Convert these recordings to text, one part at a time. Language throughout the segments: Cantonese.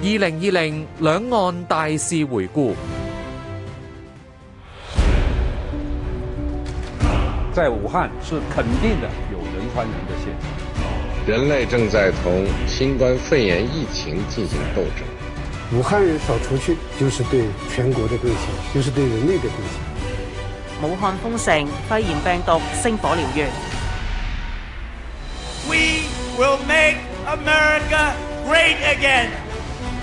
二零二零兩岸大事回顧。在武漢，是肯定的有人傳人的現象。人類正在同新冠肺炎疫情進行鬥爭。武漢人少出去，就是對全國的貢獻，就是對人類的貢獻。武漢封城，肺炎病毒星火燎原。We will make America great again.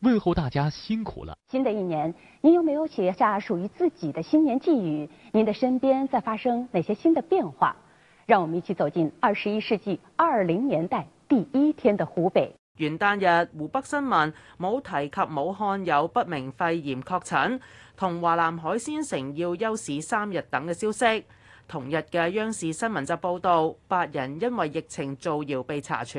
問候大家，辛苦了！新的一年，您有沒有寫下屬於自己的新年寄語？您的身邊在發生哪些新的變化？讓我們一起走進二十一世紀二零年代第一天的湖北。元旦日，湖北新聞冇提及武漢有不明肺炎確診，同華南海鮮城要休市三日等嘅消息。同日嘅央視新聞就報道，八人因為疫情造謠被查處。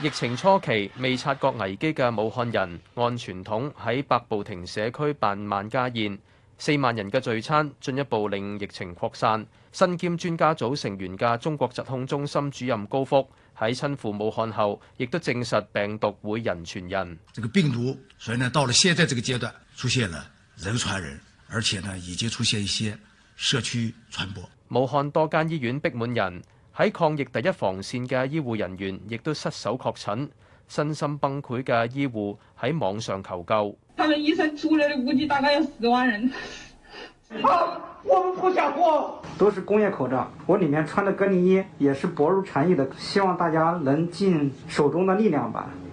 疫情初期未察覺危機嘅武漢人，按傳統喺百步亭社區辦萬家宴，四萬人嘅聚餐進一步令疫情擴散。身兼專家組成員嘅中國疾控中心主任高福喺親赴武漢後亦都證實病毒會人傳人。這個病毒，所以呢到了現在這個階段，出現了人傳人，而且呢已經出現一些社區傳播。武漢多間醫院逼滿人。喺抗疫第一防線嘅醫護人員亦都失手確診，身心崩潰嘅醫護喺網上求救。他們醫生出來的，估計大概有十萬人。啊，我們不想過。都是工業口罩，我裏面穿的隔離衣也是薄如蟬翼的，希望大家能盡手中的力量吧。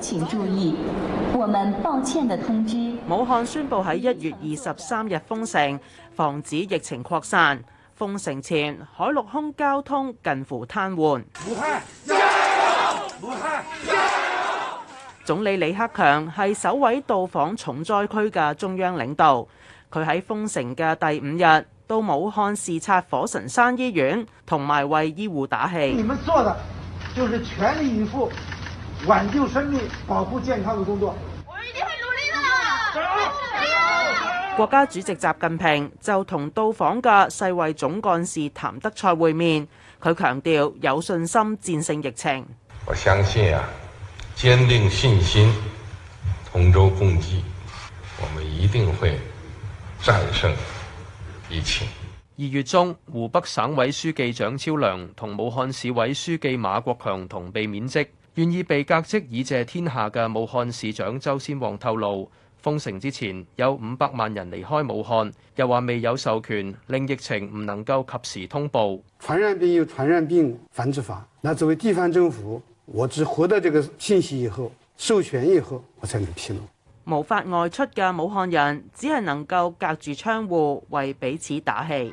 請注意，我們抱歉的通知。武漢宣佈喺一月二十三日封城，防止疫情擴散。封城前，海陸空交通近乎癱瘓。武漢加油！武漢加油！總理李克強係首位到訪重災區嘅中央領導。佢喺封城嘅第五日到武漢視察火神山醫院，同埋為醫護打氣。你們做的就是全力以赴。挽救生命、保護健康的工作，我一定會努力啦！加油！國家主席習近平就同到訪嘅世衛總幹事譚德賽會面，佢強調有信心戰勝疫情。我相信啊，堅定信心，同舟共濟，我們一定會戰勝疫情。二月中，湖北省委書記蔣超良同武漢市委書記馬國強同被免職。願意被革職以謝天下嘅武漢市長周先旺透露，封城之前有五百萬人離開武漢，又話未有授權令疫情唔能夠及時通報。傳染病有傳染病繁殖法，那作為地方政府，我只獲得這個信息以後授權以後，我才能披露。無法外出嘅武漢人，只係能夠隔住窗戶為彼此打氣。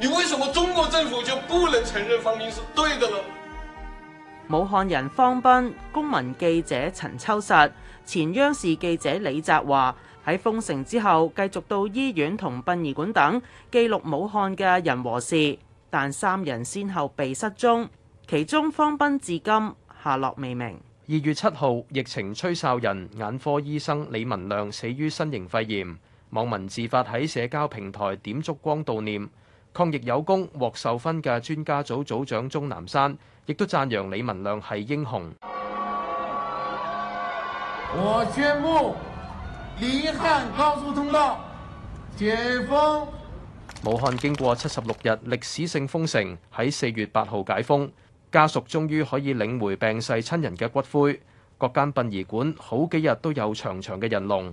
你為什麼中國政府就不能承認方斌是對的呢？武漢人方斌、公民記者陳秋實、前央視記者李澤華喺封城之後，繼續到醫院同殯儀館等記錄武漢嘅人和事，但三人先後被失蹤，其中方斌至今下落未明。二月七號，疫情吹哨人眼科醫生李文亮死於新型肺炎，網民自發喺社交平台點燭光悼念。抗疫有功獲授勳嘅專家組組長鍾南山，亦都讚揚李文亮係英雄。我宣布，離漢高速通道解封。武漢經過七十六日歷史性封城，喺四月八號解封，家屬終於可以領回病逝親人嘅骨灰。各間殯儀館好幾日都有長長嘅人龍。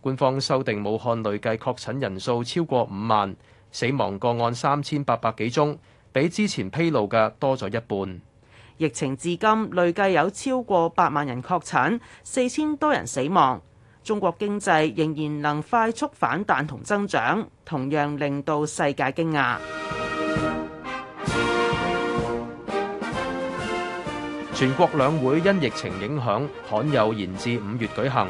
官方修訂武漢累計確診人數超過五萬。死亡個案三千八百幾宗，比之前披露嘅多咗一半。疫情至今累計有超過八萬人確診，四千多人死亡。中國經濟仍然能快速反彈同增長，同樣令到世界驚訝。全國兩會因疫情影響，罕有延至五月舉行。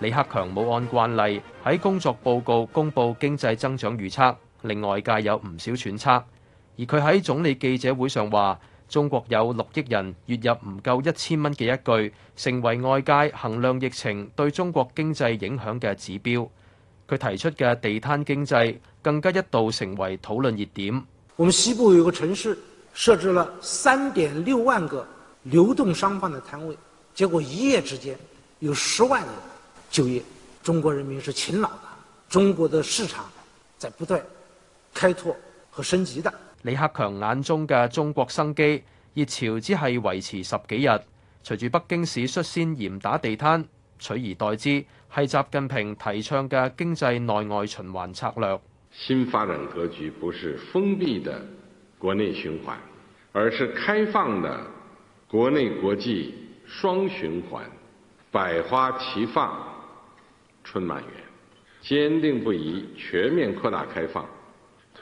李克強冇按慣例喺工作報告公布經濟增長預測，令外界有唔少揣測，而佢喺總理記者會上話：中國有六億人月入唔夠一千蚊嘅一句，成為外界衡量疫情對中國經濟影響嘅指標。佢提出嘅地攤經濟更加一度成為討論熱點。我們西部有一個城市，設置了三點六萬個流動商販的攤位，結果一夜之間有十萬人就業。中國人民是勤勞的，中國的市場在不斷開拓和升級的。李克強眼中嘅中國生機熱潮只係維持十幾日，隨住北京市率先嚴打地攤，取而代之係習近平提倡嘅經濟內外循環策略。新發展格局不是封閉的國內循環，而是開放的國內國際雙循環，百花齊放，春滿園，堅定不移全面擴大開放。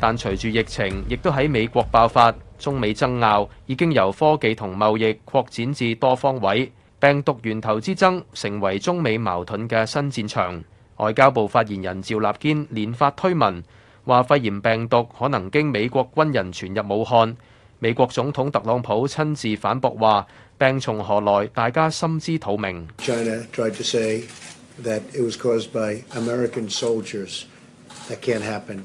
但隨住疫情亦都喺美國爆發，中美爭拗已經由科技同貿易擴展至多方位，病毒源頭之爭成為中美矛盾嘅新戰場。外交部發言人趙立堅連發推文，話肺炎病毒可能經美國軍人傳入武漢。美國總統特朗普親自反駁話：病從何來？大家心知肚明。China tried to say that it was caused by American soldiers that can't happen.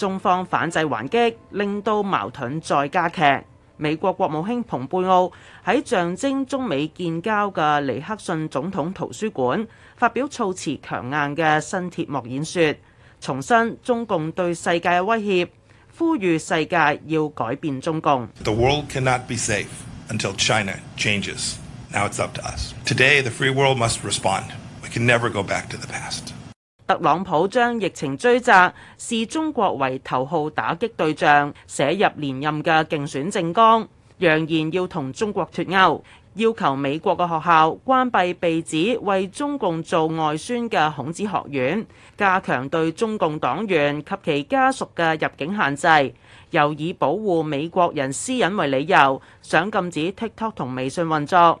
中方反制還擊，令到矛盾再加劇。美國國務卿蓬佩奧喺象徵中美建交嘅尼克遜總統圖書館發表措辭強硬嘅新鐵幕演說，重申中共對世界嘅威脅，呼籲世界要改變中共。The world cannot be safe until China changes. Now it's up to us. Today, the free world must respond. We can never go back to the past. 特朗普將疫情追責，視中國為頭號打擊對象，寫入連任嘅競選政綱，揚言要同中國脫鉤，要求美國嘅學校關閉被指為中共做外宣嘅孔子學院，加強對中共黨員及其家屬嘅入境限制，又以保護美國人私隱為理由，想禁止 TikTok 同微信運作。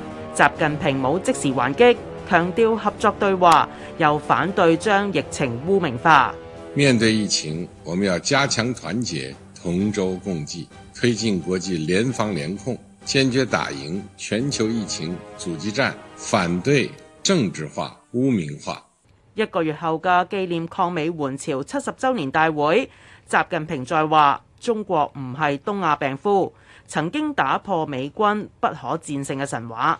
習近平冇即時還擊，強調合作對話，又反對將疫情污名化。面對疫情，我們要加強團結，同舟共濟，推進國際聯防聯控，堅決打贏全球疫情阻擊戰，反對政治化、污名化。一個月後嘅紀念抗美援朝七十周年大會，習近平再話：中國唔係東亞病夫，曾經打破美軍不可戰勝嘅神話。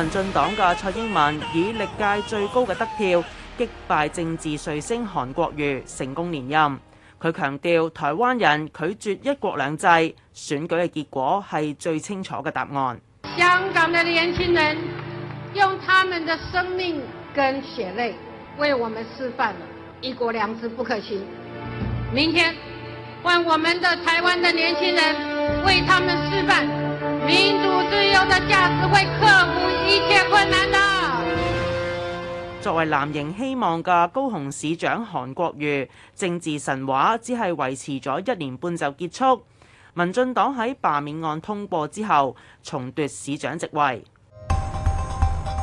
民進黨嘅蔡英文以歷屆最高嘅得票擊敗政治彗星韓國瑜，成功連任。佢強調，台灣人拒絕一國兩制，選舉嘅結果係最清楚嘅答案。香港嘅年輕人用他們嘅生命跟血淚，為我們示範了一國兩制不可行。明天，換我們的台灣嘅年輕人，為他們示範。民主自由的價值會克服一切困難的。作為藍營希望嘅高雄市長韓國瑜，政治神話只係維持咗一年半就結束。民進黨喺罷免案通過之後，重奪市長職位。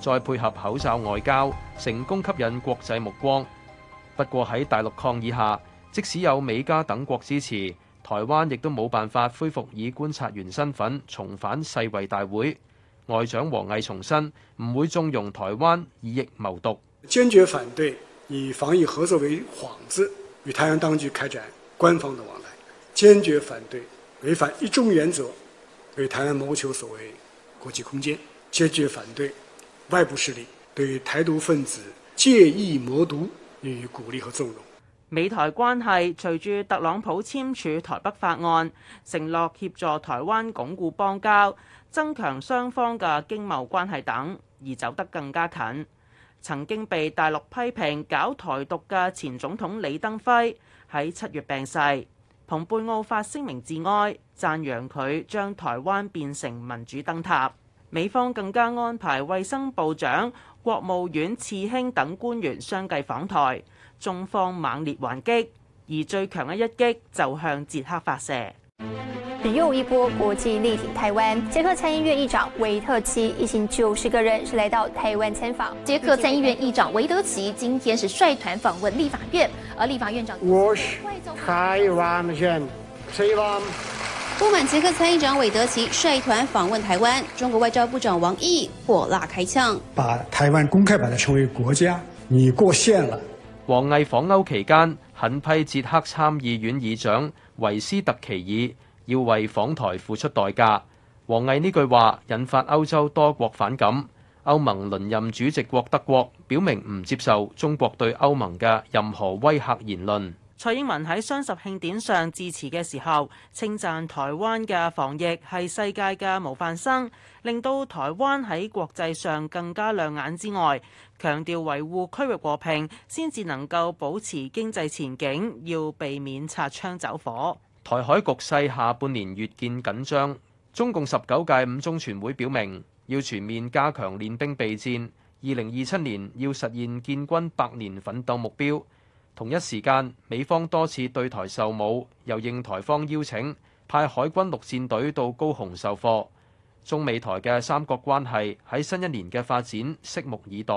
再配合口罩外交，成功吸引國際目光。不過喺大陸抗議下，即使有美加等國支持，台灣亦都冇辦法恢復以觀察員身份重返世衛大會。外長王毅重申，唔會縱容台灣以疫謀獨。堅決反對以防疫合作為幌子，與台灣當局開展官方的往來。堅決反對違反一中原則，為台灣謀求所謂國際空間。堅決反對。外部勢力對台獨分子借意謀獨，予以鼓勵和縱容。美台關係隨住特朗普簽署《台北法案》，承諾協助台灣鞏固邦交、增強雙方嘅經貿關係等，而走得更加近。曾經被大陸批評搞台獨嘅前總統李登輝喺七月病逝，蓬佩奧發聲明致哀，讚揚佢將台灣變成民主燈塔。美方更加安排衛生部長、國務院次卿等官員相繼訪台，中方猛烈還擊，而最強嘅一擊就向捷克發射。又一波國際力挺台灣，捷克參議院議長維特奇一行九十個人是來到台灣參訪。捷克參議院議長維德奇今天是率團訪問立法院，而立法院長 Rush，台灣人，不滿捷克參議長韋德奇率團訪問台灣，中國外交部長王毅火辣開腔，把台灣公開把它稱為國家，你過線了。王毅訪歐期間狠批捷克參議院議長維斯特奇爾，要為訪台付出代價。王毅呢句話引發歐洲多國反感，歐盟輪任主席國德國表明唔接受中國對歐盟嘅任何威嚇言論。蔡英文喺雙十慶典上致辭嘅時候，稱讚台灣嘅防疫係世界嘅模範生，令到台灣喺國際上更加亮眼之外，強調維護區域和平先至能夠保持經濟前景，要避免擦槍走火。台海局勢下半年越見緊張，中共十九屆五中全會表明要全面加強練兵備戰，二零二七年要實現建軍百年奮鬥目標。同一時間，美方多次對台售武，又應台方邀請派海軍陸戰隊到高雄授課。中美台嘅三國關係喺新一年嘅發展，拭目以待。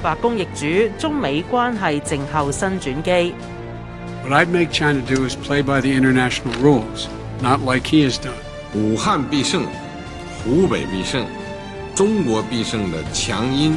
白宮易主，中美關係靜候新轉機。What I'd make China do is play by the international rules, not like he has done. 武漢必勝，湖北必勝，中國必勝的強音。